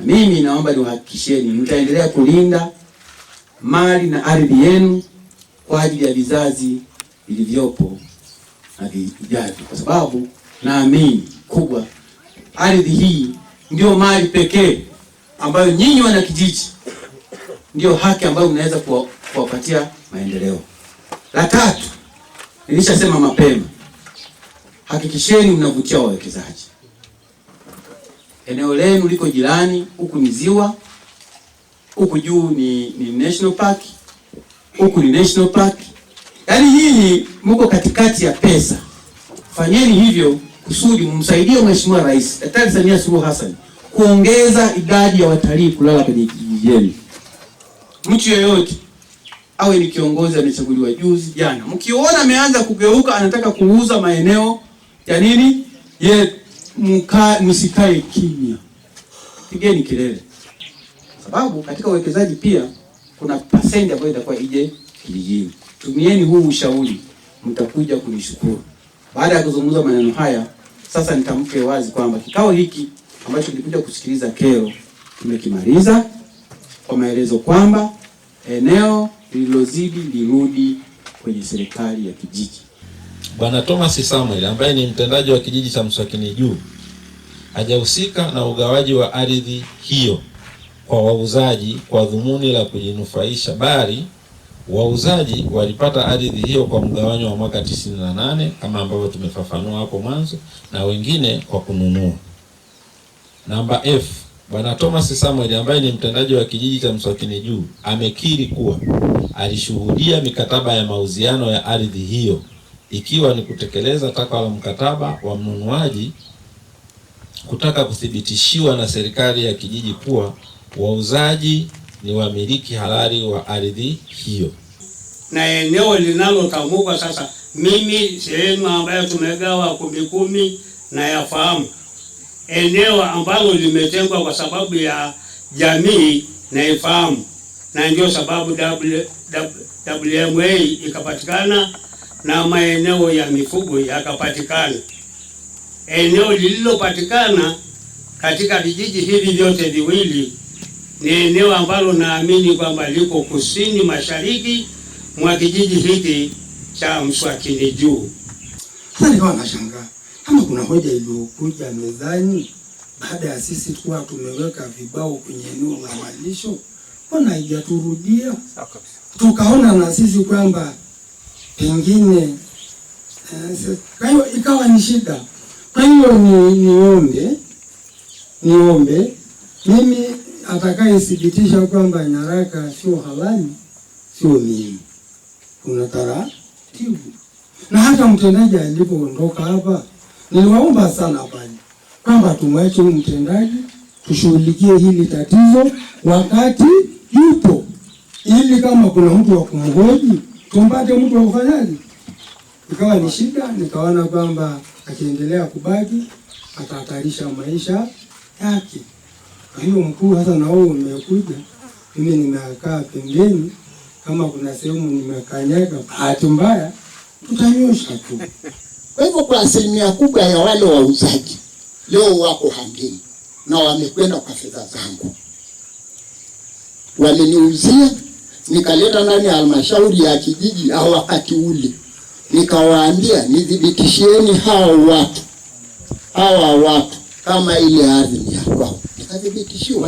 Mimi naomba niwahakikisheni mtaendelea kulinda mali na ardhi yenu kwa ajili ya vizazi vilivyopo na vijavyo, kwa sababu naamini kubwa ardhi hii ndio mali pekee ambayo nyinyi wana kijiji ndio haki ambayo mnaweza kuwapatia maendeleo. La tatu, nilishasema mapema, hakikisheni mnavutia wawekezaji eneo lenu liko jirani, huku ni ziwa, huku juu ni, ni national park, huku ni national park. Yaani hii mko katikati ya pesa, fanyeni hivyo kusudi mumsaidie Mheshimiwa Rais Daktari Samia Suluhu Hassan kuongeza idadi ya watalii kulala kwenye kijiji Mtu yeyote awe ni kiongozi amechaguliwa juzi jana, mkiona ameanza kugeuka, anataka kuuza maeneo ya nini yetu msikae kimya, pigeni kelele, sababu katika uwekezaji pia kuna pasenti ambayo itakuwa ije kijijini. Tumieni huu ushauri, mtakuja kunishukuru. Baada ya kuzungumza maneno haya, sasa nitamke wazi kwamba kikao hiki ambacho nilikuja kusikiliza kero tumekimaliza kwa maelezo kwamba eneo lililozidi lirudi kwenye serikali ya kijiji. Bwana Thomas Samuel ambaye ni mtendaji wa kijiji cha Mswakini Juu hajahusika na ugawaji wa ardhi hiyo kwa wauzaji kwa dhumuni la kujinufaisha, bali wauzaji walipata ardhi hiyo kwa mgawanyo wa mwaka 98 kama ambavyo tumefafanua hapo mwanzo, na wengine kwa kununua. Namba F, Bwana Thomas Samuel ambaye ni mtendaji wa kijiji cha Mswakini Juu amekiri kuwa alishuhudia mikataba ya mauziano ya ardhi hiyo ikiwa ni kutekeleza takwa la mkataba wa mnunuaji kutaka kuthibitishiwa na serikali ya kijiji kuwa wauzaji ni wamiliki halali wa ardhi hiyo na eneo linalotamukwa sasa. Mimi sehemu ambayo tumegawa kumi kumi na yafahamu eneo ambalo limetengwa kwa sababu ya jamii naifahamu, na ndio sababu WMA ikapatikana na maeneo ya mifugo yakapatikana. Eneo lililopatikana katika vijiji hivi vyote viwili ni eneo ambalo naamini kwamba liko kusini mashariki mwa kijiji hiki cha Mswakini Juu. Sasa nikawa nashangaa kama kuna hoja iliyokuja mezani baada ya sisi kuwa tumeweka vibao kwenye eneo la malisho, mbona haijaturudia? Tukaona na sisi kwamba pengine. Eh, kwa hiyo ikawa ni shida. Kwa hiyo ni niombe, niombe mimi atakayethibitisha kwamba nyaraka sio halali sio mimi, kuna taratibu. Na hata mtendaji alipoondoka hapa, niliwaomba sana pale kwamba tumwache huyu mtendaji, tushughulikie hili tatizo wakati yupo, ili kama kuna mtu wa kumhoji tumpate mtu wa ufanyaji. Ikawa ni shida, nikaona kwamba akiendelea kubaki atahatarisha maisha yake. Kwa hiyo mkuu, hasa na wewe umekuja, mimi nimekaa pembeni, kama kuna sehemu nimekanyaga bahati mbaya tutanyosha tu. Kwa hivyo kwa asilimia kubwa ya wale wauzaji leo wako hambini na wamekwenda kwa fedha zangu, wameniuzia nikaleta ndani ya halmashauri ya kijiji au wakati ule nikawaambia, nidhibitishieni hao watu hawa watu kama ile ardhi ni ya kwao, nikadhibitishiwa.